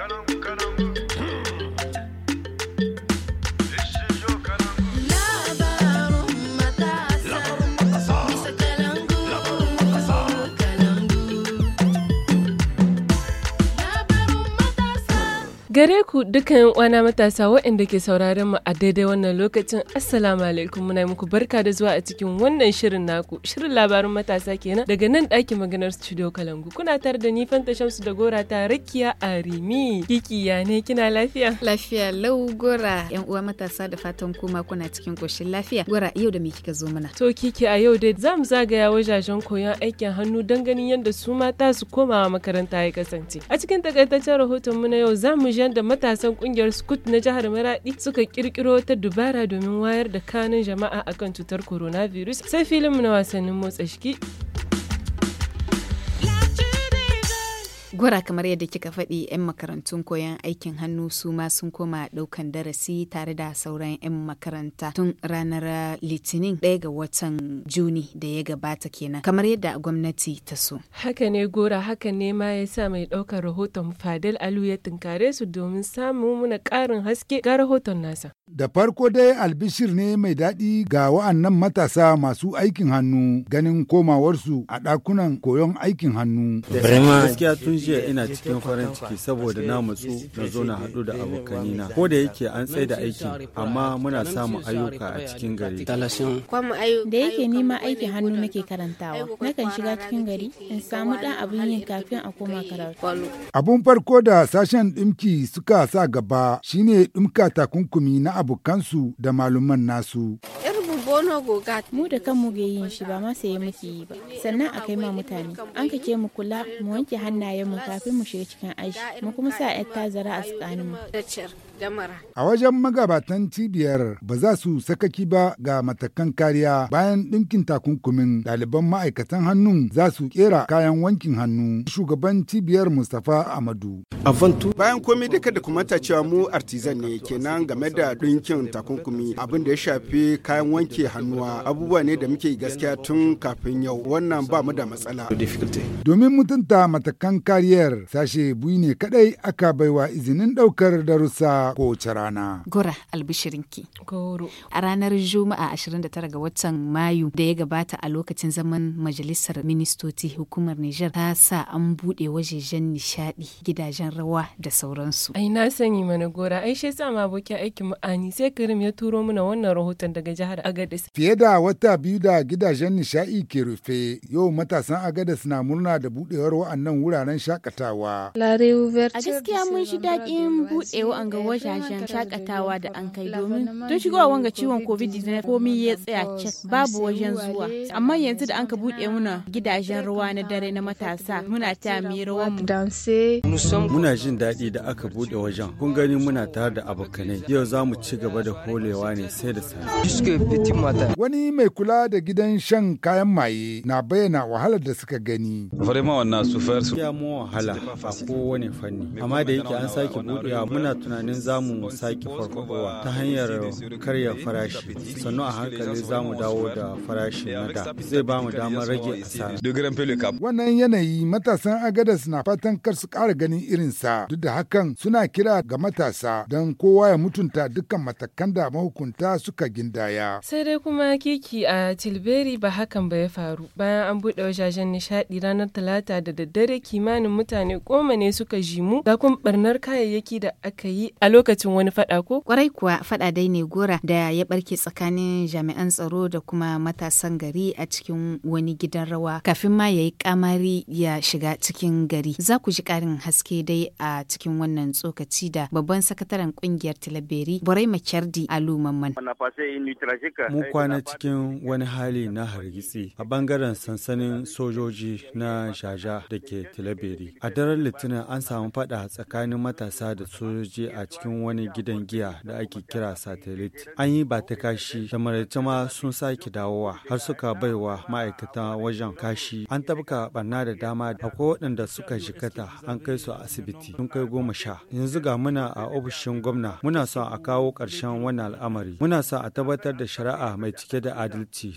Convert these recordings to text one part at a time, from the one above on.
Caramba, caramba. Gare ku dukan wana matasa waɗanda ke sauraron mu a daidai wannan lokacin Assalamu alaikum muna muku barka da zuwa a cikin wannan shirin naku shirin labarin matasa kenan daga nan ɗakin maganar studio Kalangu kuna tare da ni Fanta Shamsu da Gora ta Rakiya Arimi Kiki ya ne kina lafiya Lafiya lau Gora yan uwa matasa da fatan kuma kuna cikin koshin lafiya Gora yau da me kika zo mana To Kiki a yau dai zamu zagaya wajajen koyon aikin hannu don ganin yadda su mata su komawa makaranta ya kasance a cikin takaitaccen rahoton mu na yau zamu cibiyar da matasan kungiyar Scout na jihar Maradi suka kirkiro ta dubara domin wayar da kanun jama'a akan cutar coronavirus sai filin na wasannin motsa shiki. Gora kamar yadda kika faɗi 'yan makarantun koyon aikin hannu su ma sun koma ɗaukan darasi tare da sauran 'yan makaranta tun ranar Litinin ɗaya ga watan Juni da ya gabata kenan kamar yadda gwamnati ta so. Haka ne Gora haka ne ma ya sa mai ɗaukar rahoton Fadil Alu ya tunkare su domin samun muna ƙarin haske ga rahoton nasa. Da farko dai albishir ne mai daɗi ga wa'annan matasa masu aikin hannu ganin komawarsu a ɗakunan koyon aikin hannu. jiya ina cikin farin ciki saboda na matsu na zo na haɗu da abokanina ko da yake an tsaye da aiki amma muna samun ayyuka a cikin gari da yake nima aikin hannu nake karantawa nakan shiga cikin gari in samu ɗan abin yin kafin a koma karatu abun farko da sashen ɗimki suka sa gaba shine ɗimka takunkumi na abokansu da malaman nasu mu da kanmu ga yin shi ba ma saye muke yi ba sannan a kai ma mutane an kake mu kula mu wanke hannayen mu kafin mu shiga cikin aji mu kuma sa yar tazara a tsakanin mu A wajen magabatan cibiyar ba za su sakaki ba ga matakan kariya bayan ɗinkin takunkumin ɗaliban ma'aikatan hannun za su kera kayan wankin hannu. Shugaban cibiyar Mustapha Amadu. Bayan komai duka da kuma cewa mu artisan ne kenan game da ɗinkin takunkumi abin da ya shafi kayan wanke hannuwa abubuwa ne da muke gaskiya tun kafin yau wannan ba mu da matsala. Domin mutunta matakan kariyar sashe bui ne kadai aka baiwa izinin daukar darussa kowace rana. Gora albishirinki. Goro. A ranar Juma'a 29 ga watan Mayu da ya gabata a lokacin zaman majalisar ministoci hukumar Nijar ta sa an buɗe wajejen nishaɗi gidajen rawa da sauransu. Ai na sanyi mana gora ai shi sa ma abokin aikin mu ani sai Karim ya turo mana wannan rahoton daga jihar Agadez. Fiye da wata biyu da gidajen nishaɗi ke rufe yau matasan Agadez na murna da buɗewar wa'annan wuraren shakatawa. A gaskiya mun shi daɗin buɗewa an ga kasashen shakatawa da an kai domin tun shigowa ga ciwon covid-19 komi ya tsaya cek babu wajen zuwa amma yanzu da an ka buɗe muna gidajen ruwa na dare na matasa muna ta mi rawan mu muna jin daɗi da aka buɗe wajen kun gani muna tare da abokanai yau za mu ci gaba da holewa ne sai da mata. wani mai kula da gidan shan kayan maye na bayyana wahalar da suka gani ya mu wahala a kowane fanni amma da yake an sake buɗewa muna tunanin za mu sake farfadowa ta hanyar karya farashi sannu a hankali za mu dawo da farashi na da zai ba mu damar rage asara. Wannan yanayi matasan agadas na fatan kar su ƙara ganin irinsa duk da hakan suna kira ga matasa don kowa ya mutunta dukkan matakan da mahukunta suka gindaya. Sai dai kuma kiki a Tilberi ba hakan ba ya faru bayan an buɗe wajajen nishaɗi ranar talata da daddare kimanin mutane goma ne suka jimu da ɓarnar barnar kayayyaki da aka yi a lokacin wani fada ko? Kwarai kuwa fada dai ne gora da ya barke tsakanin jami'an tsaro da kuma matasan gari a cikin wani gidan rawa kafin ma ya yi kamari ya shiga cikin gari. Za ku ji karin haske dai a cikin wannan tsokaci da babban sakataren kungiyar Tilaberi Borai Makyardi a Lumanman. Mu kwana cikin wani hali na hargitsi a bangaren sansanin sojoji na Jaja da ke Tilaberi. A daren Litinin an samu fada tsakanin matasa da sojoji a cikin cikin wani gidan giya da ake kira satellite an yi ba ta kashi da ma sun sake dawowa har suka baiwa ma'aikata wajen kashi an tabka barna da dama akwai waɗanda suka jikata an kai su a asibiti sun kai goma sha yanzu ga muna a ofishin gwamna muna son a kawo ƙarshen wannan al'amari muna son a tabbatar da shari'a mai cike da adalci.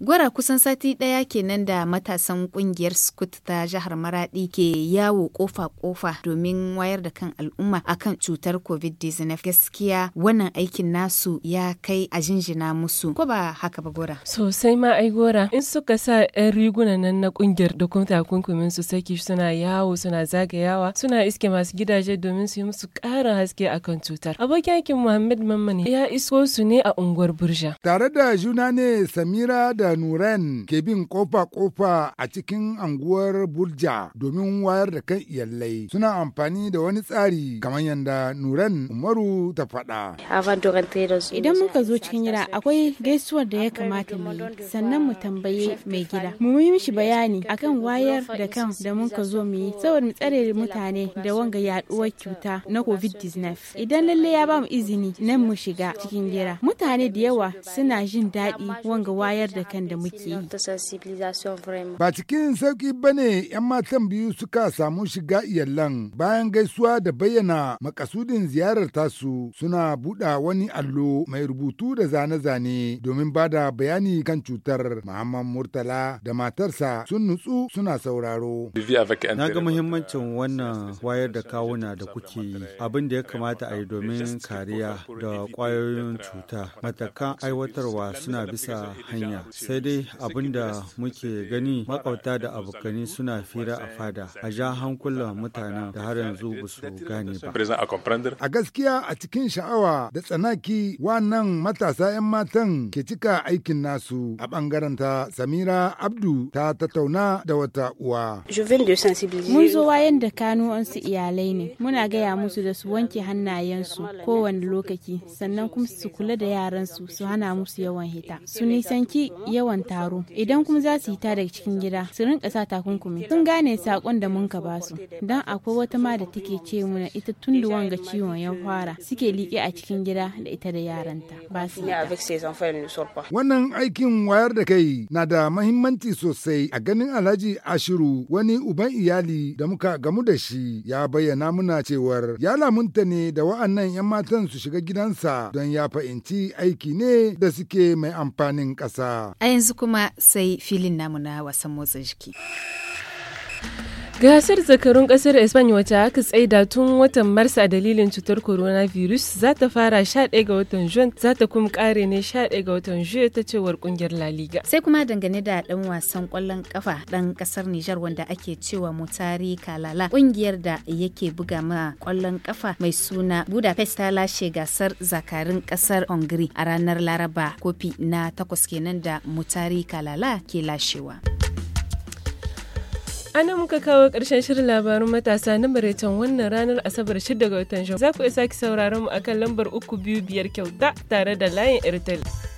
Gwara kusan sati ɗaya kenan da matasan ƙungiyar Scout ta jihar Maradi ke yawo ƙofa-ƙofa domin wayar da kan al'umma akan cutar COVID-19. Gaskiya wannan aikin nasu ya kai a jinjina musu. Ko ba haka ba Gora? Sosai ma ai Gora. In suka sa 'yan riguna nan na ƙungiyar da kuma takunkumin su saki suna yawo suna zagayawa suna iske masu gidaje domin su yi musu ƙarin haske akan cutar. Abokin aikin Muhammad Mamman ya iso su ne a unguwar Burja. Tare da juna ne Samira da da Nuren ke bin kofa-kofa a cikin anguwar Burja domin wayar da kan iyalai suna amfani da wani tsari kamar yadda Nuren Umaru ta faɗa. Idan muka zo cikin gida akwai gaisuwar da ya kamata mu yi sannan mu tambaye mai gida. Mu yi mishi bayani akan wayar da kan da muka zo mu yi saboda mu tsare mutane da wanga yaduwar cuta na COVID-19. Idan lalle ya ba mu izini nan mu shiga cikin gida. Mutane da yawa suna jin daɗi wanga wayar da kan. ayyukan da muke Ba cikin sauƙi ba ne 'yan matan biyu suka samu shiga iyalan bayan gaisuwa da bayyana makasudin ziyarar tasu suna buɗa wani allo mai rubutu da zane-zane domin ba da bayani kan cutar Muhammad Murtala da matarsa sun nutsu suna sauraro. Na ga muhimmancin wannan wayar da kawuna da kuke abin da ya kamata a yi domin kariya da kwayoyin cuta matakan aiwatarwa suna bisa hanya sai dai abin da muke gani makwabta da abokani suna fira a fada a ja hankulan mutanen da har yanzu ba su gane ba. A gaskiya a cikin sha'awa da tsanaki wannan matasa 'yan matan ke cika aikin nasu a bangaren ta Samira Abdu ta tattauna da wata uwa. Mun zo wayan da su iyalai ne muna gaya musu da su wanke hannayensu kowane lokaci sannan kuma su kula da yaransu su hana musu yawan hita. Su nisanki yawan taro idan kuma za su yi ta daga cikin gida su rinka sa takunkumi sun gane sakon da mun ka ba su dan akwai wata ma da take ce muna ita tun da wanga ciwon ya fara suke liƙe a cikin gida da ita da yaranta ba su wannan aikin wayar da kai na da mahimmanci sosai a ganin alhaji ashiru wani uban iyali da muka gamu da shi ya bayyana muna cewar ya lamunta ne da wa'annan 'yan matan su shiga gidansa don ya fahimci aiki ne da suke mai amfanin ƙasa. A yanzu kuma sai filin namu na wasan motsa jiki. Gasar zakarun kasar Espanya wata aka tsaida tun watan Mars a dalilin cutar coronavirus za ta fara 11 ga watan Juan za ta kuma kare ne 11 ga watan Juye ta cewar kungiyar La Liga. Sai kuma dangane da dan wasan kwallon kafa dan kasar Nijar wanda ake cewa Mutari Kalala kungiyar da yake buga ma kwallon kafa mai suna Budapest ta lashe gasar zakarun kasar Hungary a ranar Laraba kofi na takwas kenan da Mutari Kalala ke lashewa. ana muka kawo ƙarshen shirin labarun matasa na maraicen wannan ranar asabar 6 ga watan shan za ku iya sake sauraron mu akan lambar uku biyu biyar kyauta tare da layin airtel